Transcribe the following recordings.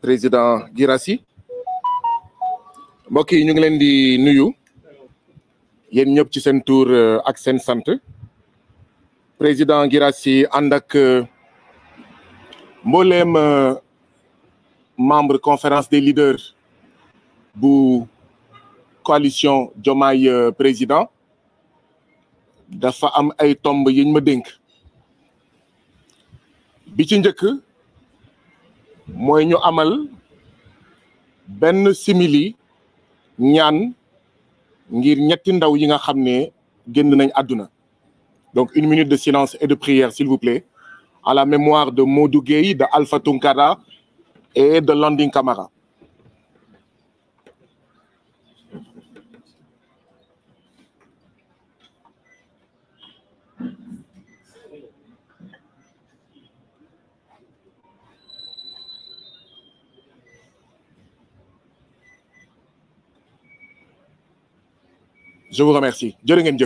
président Girassi. mokki yi ñu ngi leen di nuyu yéen ñëpp ci seen tour euh, Accent santé. président Girassi, andak euh, euh, membre conférence des leaders bu coalition Jomai président dafa am ay tomb yiñ ma moy ñu amal Ben simili ñaan ngir ñetti ndaw yi nga xamné genn nañ aduna donc une minute de silence et de prière s'il vous plaît à la mémoire de Modou Gueye de Alpha Tunkara et de Landing Camara je vous remercie remercie. Je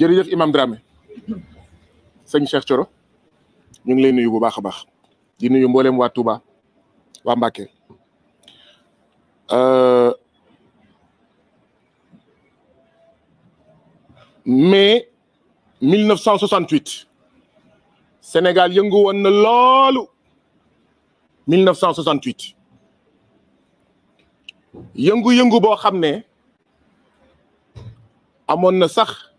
vous remercie. imam Dramé remercie. Cheikh Thioro ñu ngi lay nuyu bu baax euh, mai 1968 Sénégal yëngu Je 1968 yëngu-yëngu Je amon na sax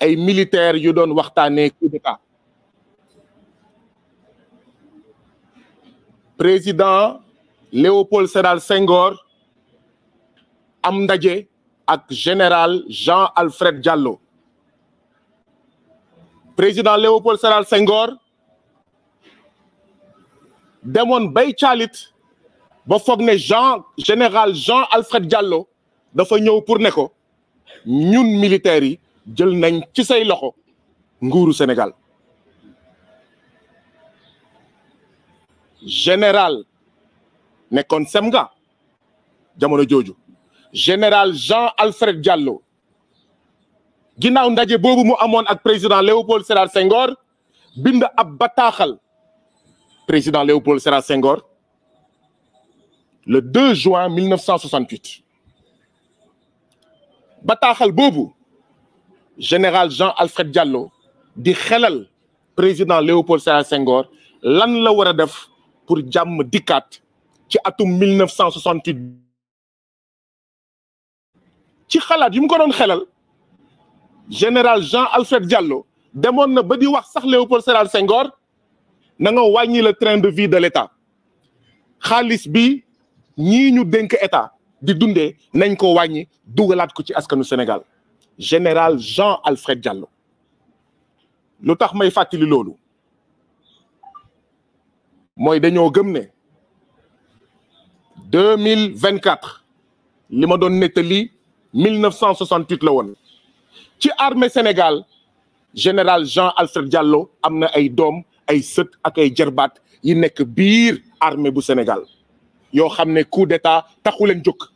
ay militaires yu doon waxtane coup d'état président Léopold Sédar Senghor am ndaje ak général Jean Alfred Diallo président Léopold Sédar Senghor demoon bay caalit ba foog ne Jean général Jean Alfred Diallo dafa ñëw pour ne ñun militaires yi nañ ci Sénégal général général Jean Alfred Diallo ginnaaw ndaje boobu mu président Léopold Sédar Senghor Binde ab président Léopold Sédar Senghor le 2 juin 1968 bataaxal Bobu, général Jean Alfred Diallo di xelal président Léopold Sédar Senghor lan la wara pour def pour qui Dikat, ci atum 1968 ci xalat yim ko don général Jean Alfred Diallo demande na ba di wax sax Léopold Sédar Senghor na nga le train de vie de l'État, Khalisbi nous bi ñi état di dundé nañ ko wàññi dougalat ko ci askanu Sénégal général Jean Alfred Diallo lu tax may fàttali lolu moy dañoo gëm né 2024 mille vingt quatre li ma mille la won ci armée Sénégal général Jean Alfred Diallo amna ay dom ay seut ak ay jarbaat yi nek bir armée bu Sénégal yo xamné coup d'état taxu len juk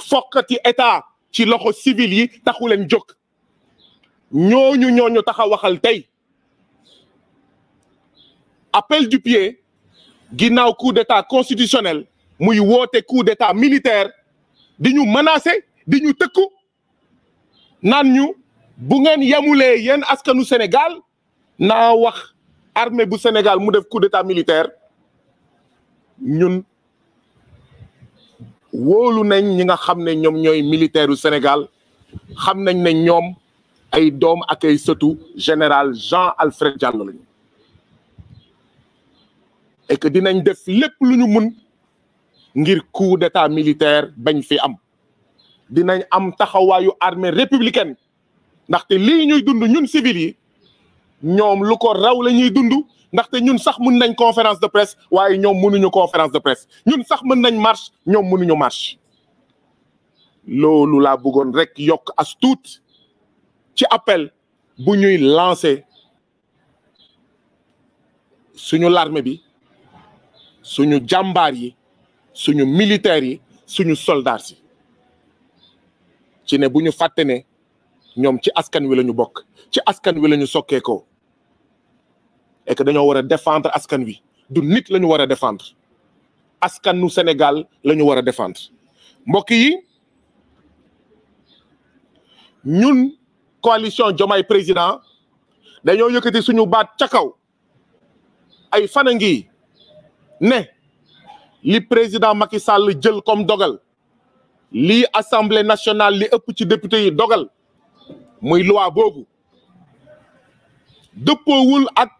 fokkati état ci loxo civil yi taxu leen jóg ñooñu ñooñu tax a waxal tey appel du pied ginnaaw coup d'état constitutionnel muy woote coup d'état militaire di ñu menacer di ñu tëkku naan ñu bu ngeen yamulee yéen askanu Sénégal na wax armée bu Sénégal mu def coup d'état militaire ñun woolu nañ ñi nga xam ne ñoom ñooy militaire u Sénégal xam nañ ne ñoom ay doom ak ay sëtu général Jean Alfred Diallo lañu et que dinañ def lépp lu ñu mun ngir coup d'état militaire bañ fi am dinañ am taxawaayu armée républicaine ndaxte lii ñuy dund ñun civil yi ñoom lu ko raw la ñuy dund ndaxte ñun sax conférence de presse waaye ñoom mënuñu conférence de presse ñun sax mën nañ marche ñoom mënuñu marche loolu laa bëggoon rek yokk as ci appel bu ñuy lancer suñu une bi suñu jàmbaar yi suñu Nous yi suñu soldats yi ci ne bu ñu ne ci askan wi marche. Nous bokk ci askan wi et que dañoo war défendre askan wi du nit la ñu war a défendre askanu Sénégal la ñu défendre mbokk yi ñun coalition Diomaye président dañoo yëkkati suñu baat ca kaw ay fanangi ne li président Macky Sall jël comme dogal li assemblée nationale li ëpp ci député yi dogal muy loi bobu deppowul ak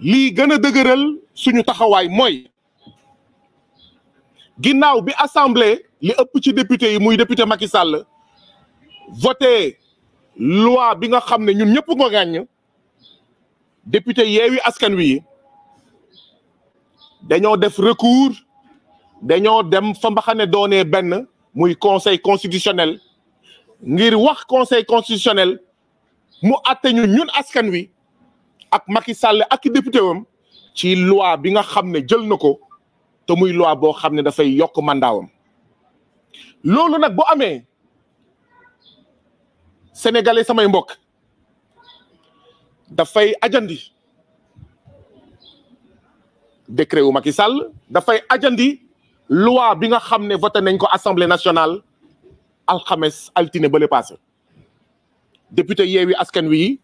li gëna dëgëral suñu taxaway moy ginnaw bi assemblée li ëpp ci député yi muy député Macky Sall voté loi bi nga xamné ñun ñëpp ko gañ député Yewwi Askan Wi dañoo def recours dañoo dem fa mbaxane doonee benn muy conseil constitutionnel ngir wax conseil constitutionnel mu àtte ñun ñun askan wi ak Macky Sall ak i député wom ci loi bi nga xam ne jël na ko te muy loi boo xam ne dafay yokk mandaawam loolu nag bu amee sénégalais samay mbokk dafay ajandi décret wu Macky Sall dafay ajandi loi bi nga xam ne voté nañ ko assemblée nationale alxames altine ba le passé député yeewi askan wi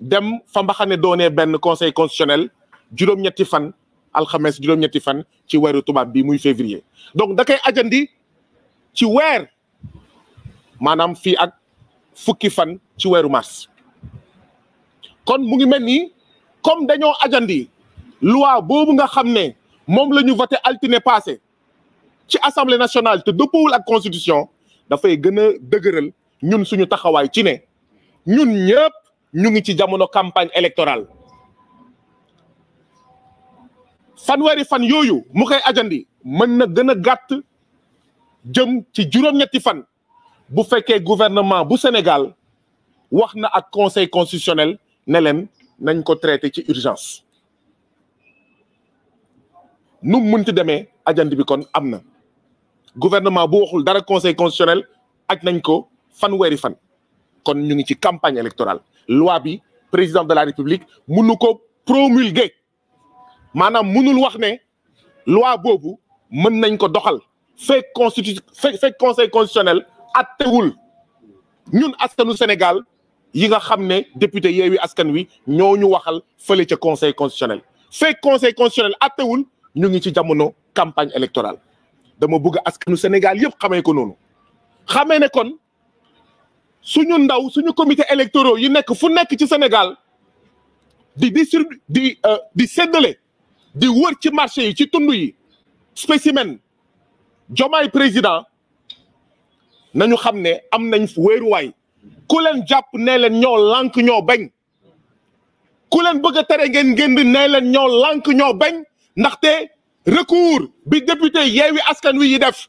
dem fa mbaxane donné le conseil constitutionnel juróom-ñetti fan alxames juróom-ñetti fan ci weeru bi février donc da kay ajandi ci wér manam fi ak fukki fan ci mars kon mu ngi comme dañoo ajandi loi nga passé ci assemblée nationale te la constitution da fay nous ñun suñu taxaway ci né ñun ñu ngi ci jamono campagne électorale fanweeri fan yoyu, mu koy ajandi mën na gëna gatt jëm ci juroom ñetti fan bu féké gouvernement bu Sénégal wax na ak conseil constitutionnel ne leen nañ ko traité ci urgence nu munti démé ajandi bi kon amna. gouvernement bu waxul dara conseil constitutionnel aj nañ ko fan kon ñu ngi ci campagne électorale loi bi président de la république mënu ko promulguer manam mënul wax né loi bobu mën nañ ko doxal Fait constitution fait conseil constitutionnel attewul ñun askanu Sénégal yi nga xamné député Yewwi Askan Wi ñoñu waxal feulé ci conseil constitutionnel Fait conseil constitutionnel attewul ñu ngi ci jamono campagne électorale dama bëgg askanu Sénégal yëpp xamé ko xamé né kon suñu ndaw suñu comité électoraux yi nekk fu nekk ci Sénégal di distribu di euh, di séddale di wër ci marché yi ci tund yi spécimen jomaay président nañu xam ne am nañ wéeruwaay ku leen jàpp nee leen ñoo lànk ñoo bañ ku leen bëgg a tere ngeen génd nee leen ñoo lànk ñoo bañ ndaxte recours bi député Yewwi Askan Wi yi def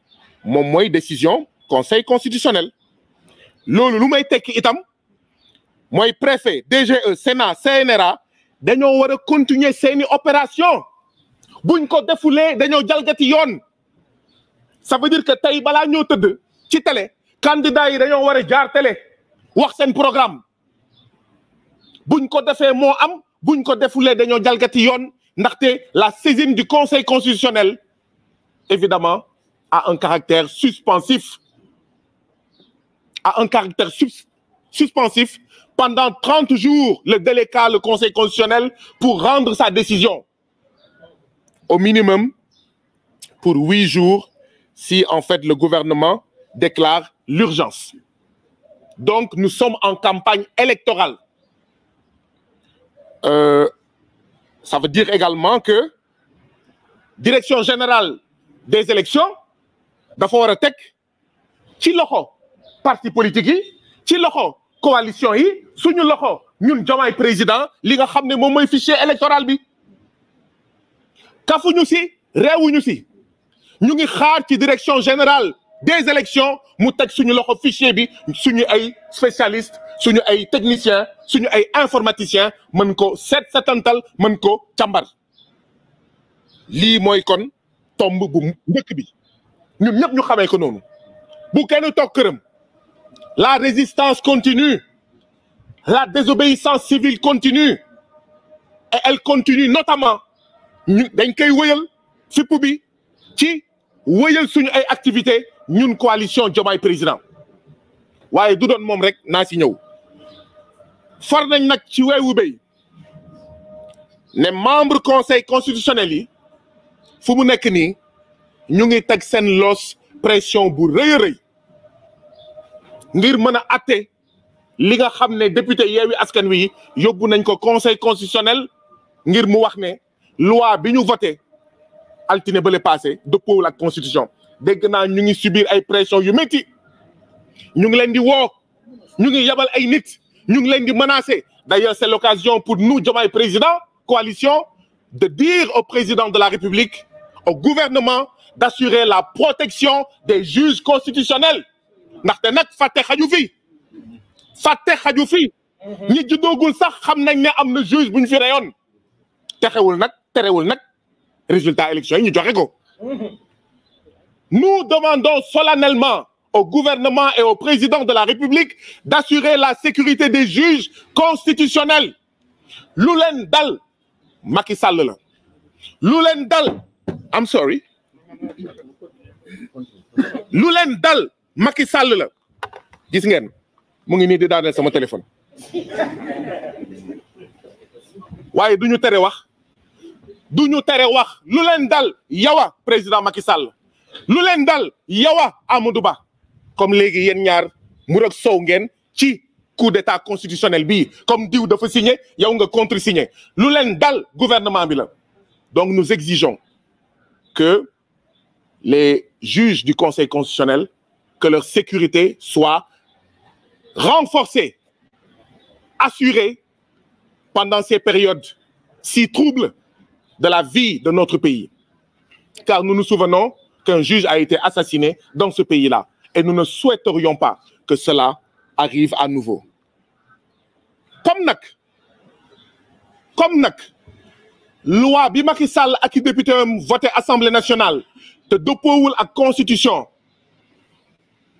mom moy décision conseil constitutionnel loolu lu may tekki itam moy préfet DGE Sénat CNRA daño wara continuer seeni opération buñ ko defulee daño jalgati yoon ça veut dire que tay bala ñoo teud ci télé candidat yi daño wara a jaar télé wax sen programme buñ ko défé mo am buñ ko defulee dañoo jalgati yoon ndaxte la saisine du conseil constitutionnel évidemment a un caractère suspensif. A un caractère suspensif pendant 30 jours, le délai le Conseil constitutionnel pour rendre sa décision. Au minimum, pour 8 jours, si en fait le gouvernement déclare l'urgence. Donc, nous sommes en campagne électorale. Euh, ça veut dire également que Direction générale des élections dafa war a ci loxo parti politique yi ci loxo coalition yi suñu loxo ñun jomaay président li nga xam mom moy fichier électoral bi kafuñu si réewuñu si ñu ngi xaar ci direction générale des élections mu teg suñu loxo fichier bi suñu ay spécialiste suñu ay technicien suñu ay informaticien mën ko seet setantal mën ko càmbar li moy kon tombe bu njëkk bi nous, ne ñu la résistance continue la désobéissance civile continue et elle continue notamment ñu dañ koy coalition Diomaye président avons du doon moom rek vous si ñëw Nous nañ conseil constitutionnel ñu ngi teg seen loos pression bu reuy reuy ngir mën a li nga xamné député Yewwi Askan Wi yóbbu nañ ko conseil constitutionnel ngir mu wax né loi bi ñu voté altiné ba le passé dëppoowul ak constitution dégg na ñu ngi subir ay pression yu métti ñu ngi leen di wo ñu ngi yabal ay nit ñu ngi leen di menacer d'ailleurs c'est l'occasion pour nous Diomaye président coalition de dire au président de la République au gouvernement d'assurer la protection des juges constitutionnels ndax te nag Fateh Khadjoufi Fateh Khadjoufi ñi juddoogul sax xam ne am na juge bu fi reyoon résultat élection yi ñu ko nous demandons solennellement au gouvernement et au président de la République d'assurer la sécurité des juges constitutionnels lu dal Macky la dal I'm sorry Lulendal Makissal. dal Macky Sall la gis ngeen Mo ngi téléphone Waye du téré wax du téré wax yawa président Macky Lulendal dal yawa Amadou comme les gens ñaar ont sow coup d'état constitutionnel bi comme diou dafa signé yow nga signé. lu leen dal gouvernement bi donc nous exigeons que les juges du Conseil constitutionnel, que leur sécurité soit renforcée, assurée pendant ces périodes si troubles de la vie de notre pays. Car nous nous souvenons qu'un juge a été assassiné dans ce pays-là et nous ne souhaiterions pas que cela arrive à nouveau. Comme NAC, comme NAC, loi bi Macky Sall ak député voté assemblée nationale te dëppoowul ak constitution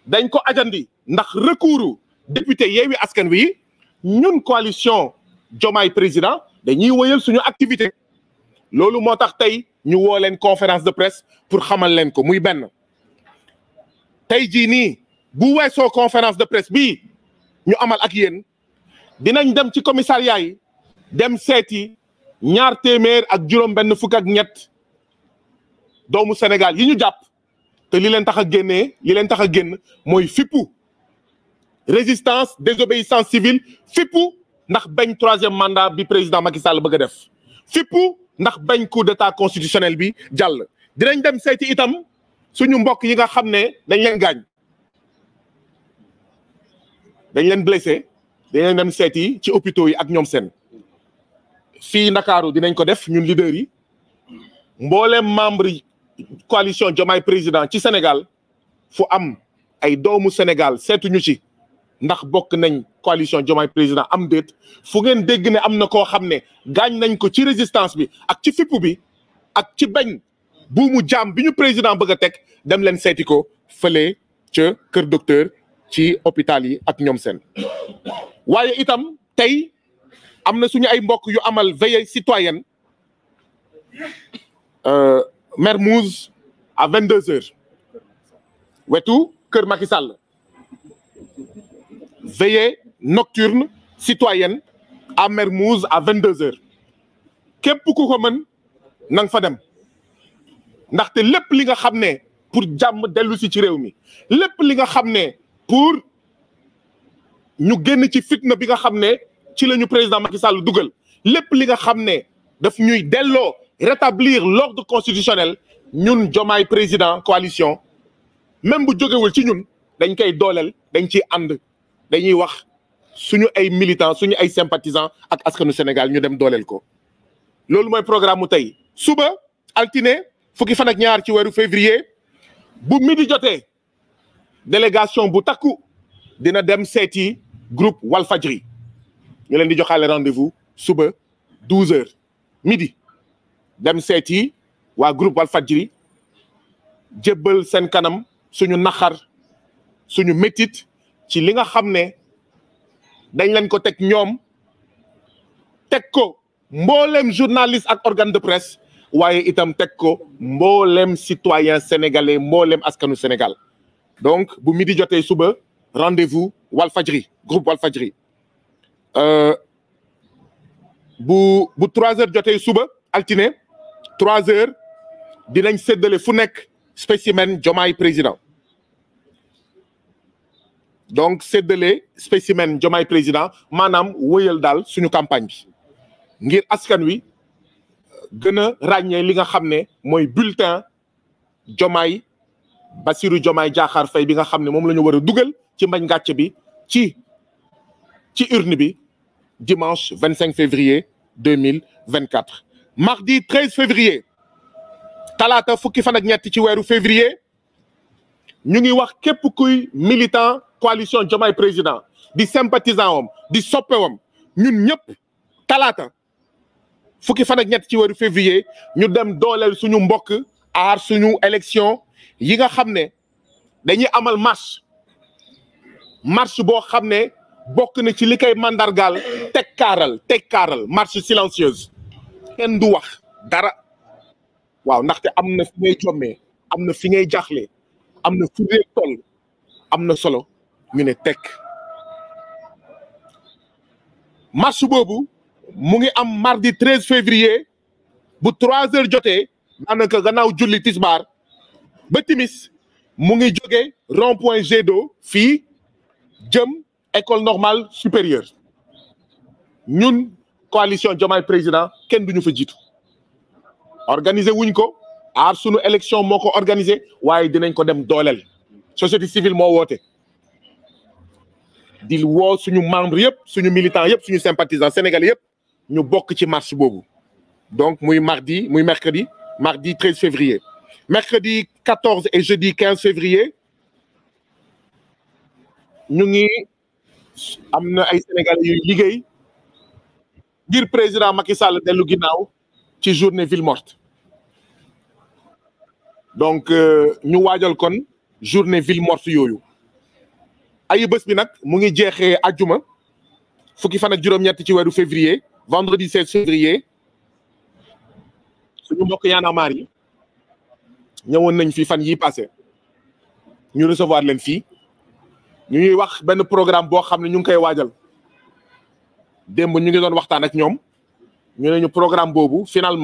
dañ ko ajandi ndax recours député Yéwi Askan Wi ñun coalition jomay président dañuy wëyal suñu activité lolou motax tay ñu wo len conférence de presse pour xamal len ko muy ben tay ji ni bu conférence de presse bi ñu amal ak yéen dinañ dem ci commissariat dem seti ñaar téeméer ak juróom benn fukk ak ñett doomu Sénégal yi ñu jàpp te li leen tax a génnee li leen tax a génn mooy fippu résistance désobéissance civile fippu ndax bañ troisième mandat bi président Macky Sall bëgg a def fippu ndax bañ coup d'état constitutionnel bi jàll dinañ dem seeti itam suñu mbokk yi nga xam ne dañ leen gaañ dañ leen blessé dañ leen dem seeti ci hôpitaux yi ak ñoom seen fii Ndakaaru dinañ ko def ñun leader yi mbooleem membre coalition Diomaye président ci Sénégal fu am ay doomu Sénégal seetuñu ci ndax bokk nañ coalition Diomaye président am déet fu ngeen dégg ne am na koo xam ne gaañ nañ ko ci résistance bi ak ci fippu bi ak ci bañ buumu jaam bi ñu président bëgg a teg dem leen seeti ko fële ca kër docteur ci hôpital yi ak ñoom seen waaye itam tey amna suñu ay yu amal veille citoyenne euh, Mermoz à 22h. Vous wetu Veille nocturne citoyenne à Mermoz à 22h. heures képp ko na fa dem té lepp li nga pour nous dellu ci mi pour nous génn ci fitna bi nga ci la président Macky Sall dugal li nga xamné daf ñuy dello rétablir l'ordre constitutionnel ñun un président coalition même bu jógewul ci ñun dañ koy dolel dañ dañuy wax suñu ay militants suñu ay sympathisants ak askanu Sénégal ñu dem ko programme suba fukki fan ak ñaar ci wéru février bu midi délégation bu takku dina dem groupe ñu leen di joxale rendez-vous suba 12h midi dem seeti à groupe Walfadji, Jebel seen kanam suñu naxar suñu métit ci li nga xam ne dañ leen ko teg ñoom teg ko mboolem journaliste ak organe de presse waaye itam teg ko mboolem citoyen sénégalais mboolem askanu Sénégal donc bu midi jotee suba rendez-vous Walfadji, groupe Walfadji. Euh, bu h trois heures jotey suba Altiné trois heures dinañ fu spécimen président donc le spécimen président manam woyel dal suñu campagne bi ngir askan wi a li nga xamné moy bulletin de Jomai bi nga ci urne dimanche 25 février 2024. mardi 13 février Talata fukki fan ak ñett ci février ñu ngi wax képp kuy militant coalition Diomaye président di sympathisant wam di soppe wam ñun ñëpp talata fukki fan ak ñett ci wéru février ñu dem dolel suñu mbokk ar suñu élection yi nga xamné dañuy amal marche marche bo xamné bokk na ci Mandargal, tek karal tek marche silencieuse ken du wax dara waaw ndaxte am fi ngay am fi ngay solo ñu tek. tek marche bobu am mardi 13 février bu 3 heures jotee daanaka gannaaw julli tisbaar ba timis ngi rond point fille, école normale supérieure ñun coalition Diomaye président ken duñu fa jiitu organiser wuñ ko aar sunu élection moko organisé, organiser waaye dinañ ko dem société civile moo woote di woo suñu membre yëpp suñu militant yëpp suñu sympathisants sénégalais yëpp ñu bokk ci marche boobu donc muy mardi muy mercredi mardi 13 février mercredi 14 et jeudi 15 février nous, ngi am ay sénégalais de liguey ngir président Macky Sall delu ginnaaw ci journée ville morte donc euh, ñu waajal kon journée ville morte yoyu ay bëss bi nak mu ngi jéxé faut fukki fan ak ñett ci février vendredi 7 février suñu mbokk nañ fi fan yi passé ñu recevoir leen fi ñu ngi wax benn programme boo xam ne ñu ngi koy waajal démb ñu ngi doon waxtaan ak ñoom ñu ne ñu programme boobu finalement.